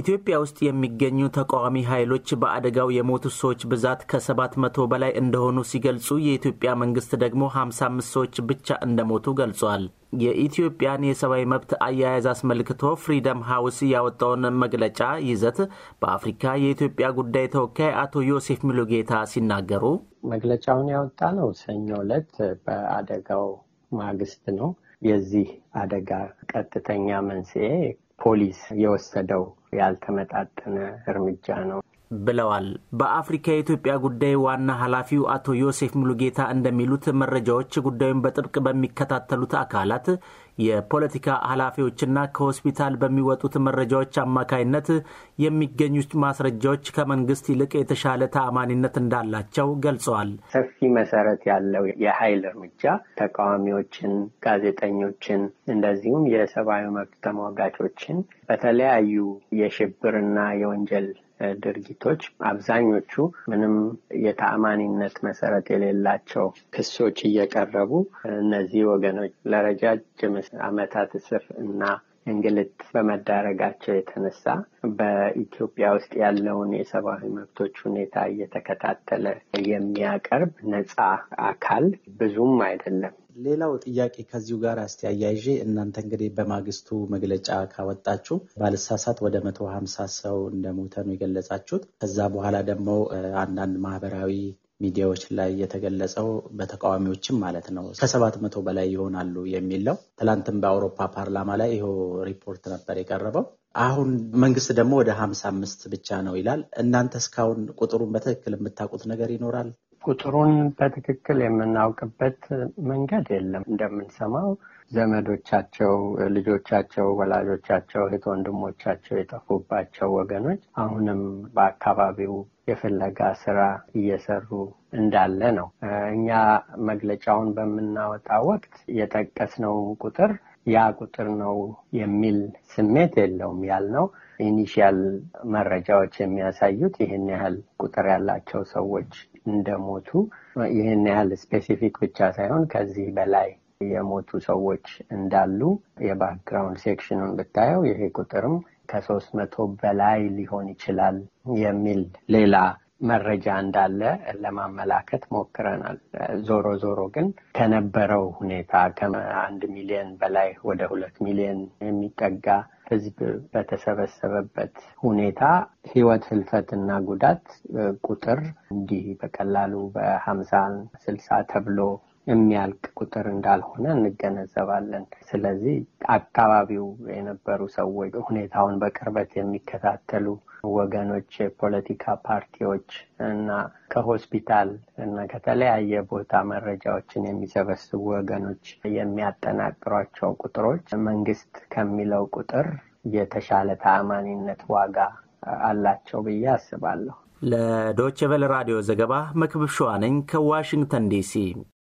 ኢትዮጵያ ውስጥ የሚገኙ ተቃዋሚ ኃይሎች በአደጋው የሞቱ ሰዎች ብዛት ከሰባት መቶ በላይ እንደሆኑ ሲገልጹ የኢትዮጵያ መንግስት ደግሞ 55 ሰዎች ብቻ እንደሞቱ ገልጿል። የኢትዮጵያን የሰብአዊ መብት አያያዝ አስመልክቶ ፍሪደም ሃውስ ያወጣውን መግለጫ ይዘት በአፍሪካ የኢትዮጵያ ጉዳይ ተወካይ አቶ ዮሴፍ ሚሉጌታ ሲናገሩ መግለጫውን ያወጣ ነው ሰኞ ዕለት በአደጋው ማግስት ነው። የዚህ አደጋ ቀጥተኛ መንስኤ ፖሊስ የወሰደው ያልተመጣጠነ እርምጃ ነው ብለዋል። በአፍሪካ የኢትዮጵያ ጉዳይ ዋና ኃላፊው አቶ ዮሴፍ ሙሉጌታ እንደሚሉት መረጃዎች ጉዳዩን በጥብቅ በሚከታተሉት አካላት የፖለቲካ ኃላፊዎችና ከሆስፒታል በሚወጡት መረጃዎች አማካይነት የሚገኙት ማስረጃዎች ከመንግስት ይልቅ የተሻለ ተአማኒነት እንዳላቸው ገልጸዋል። ሰፊ መሰረት ያለው የኃይል እርምጃ ተቃዋሚዎችን፣ ጋዜጠኞችን እንደዚሁም የሰብአዊ መብት ተሟጋቾችን በተለያዩ የሽብርና የወንጀል ድርጊቶች አብዛኞቹ ምንም የተአማኒነት መሰረት የሌላቸው ክሶች እየቀረቡ እነዚህ ወገኖች ለረጃጅም አመታት እስር እና እንግልት በመዳረጋቸው የተነሳ በኢትዮጵያ ውስጥ ያለውን የሰብአዊ መብቶች ሁኔታ እየተከታተለ የሚያቀርብ ነፃ አካል ብዙም አይደለም። ሌላው ጥያቄ ከዚሁ ጋር አስተያያይዤ እናንተ እንግዲህ በማግስቱ መግለጫ ካወጣችሁ ባልሳሳት ወደ መቶ ሀምሳ ሰው እንደሞተ ነው የገለጻችሁት። ከዛ በኋላ ደግሞ አንዳንድ ማህበራዊ ሚዲያዎች ላይ የተገለጸው በተቃዋሚዎችም ማለት ነው ከሰባት መቶ በላይ ይሆናሉ የሚለው ትላንትም በአውሮፓ ፓርላማ ላይ ይኸው ሪፖርት ነበር የቀረበው። አሁን መንግስት ደግሞ ወደ ሀምሳ አምስት ብቻ ነው ይላል። እናንተ እስካሁን ቁጥሩን በትክክል የምታውቁት ነገር ይኖራል? ቁጥሩን በትክክል የምናውቅበት መንገድ የለም። እንደምንሰማው ዘመዶቻቸው፣ ልጆቻቸው፣ ወላጆቻቸው፣ እህት ወንድሞቻቸው የጠፉባቸው ወገኖች አሁንም በአካባቢው የፍለጋ ስራ እየሰሩ እንዳለ ነው። እኛ መግለጫውን በምናወጣ ወቅት የጠቀስነው ቁጥር ያ ቁጥር ነው የሚል ስሜት የለውም ያልነው ኢኒሽያል መረጃዎች የሚያሳዩት ይህን ያህል ቁጥር ያላቸው ሰዎች እንደሞቱ ይህን ያህል ስፔሲፊክ ብቻ ሳይሆን ከዚህ በላይ የሞቱ ሰዎች እንዳሉ የባክግራውንድ ሴክሽኑን ብታየው ይሄ ቁጥርም ከሶስት መቶ በላይ ሊሆን ይችላል የሚል ሌላ መረጃ እንዳለ ለማመላከት ሞክረናል። ዞሮ ዞሮ ግን ከነበረው ሁኔታ ከአንድ ሚሊዮን በላይ ወደ ሁለት ሚሊዮን የሚጠጋ ሕዝብ በተሰበሰበበት ሁኔታ ህልፈት እና ጉዳት ቁጥር እንዲህ በቀላሉ በሀምሳ ስልሳ ተብሎ የሚያልቅ ቁጥር እንዳልሆነ እንገነዘባለን። ስለዚህ አካባቢው የነበሩ ሰዎች፣ ሁኔታውን በቅርበት የሚከታተሉ ወገኖች፣ የፖለቲካ ፓርቲዎች እና ከሆስፒታል እና ከተለያየ ቦታ መረጃዎችን የሚሰበስቡ ወገኖች የሚያጠናቅሯቸው ቁጥሮች መንግስት ከሚለው ቁጥር የተሻለ ተአማኒነት ዋጋ አላቸው ብዬ አስባለሁ። ለዶችቨል ራዲዮ ዘገባ መክብብ ሸዋ ነኝ ከዋሽንግተን ዲሲ።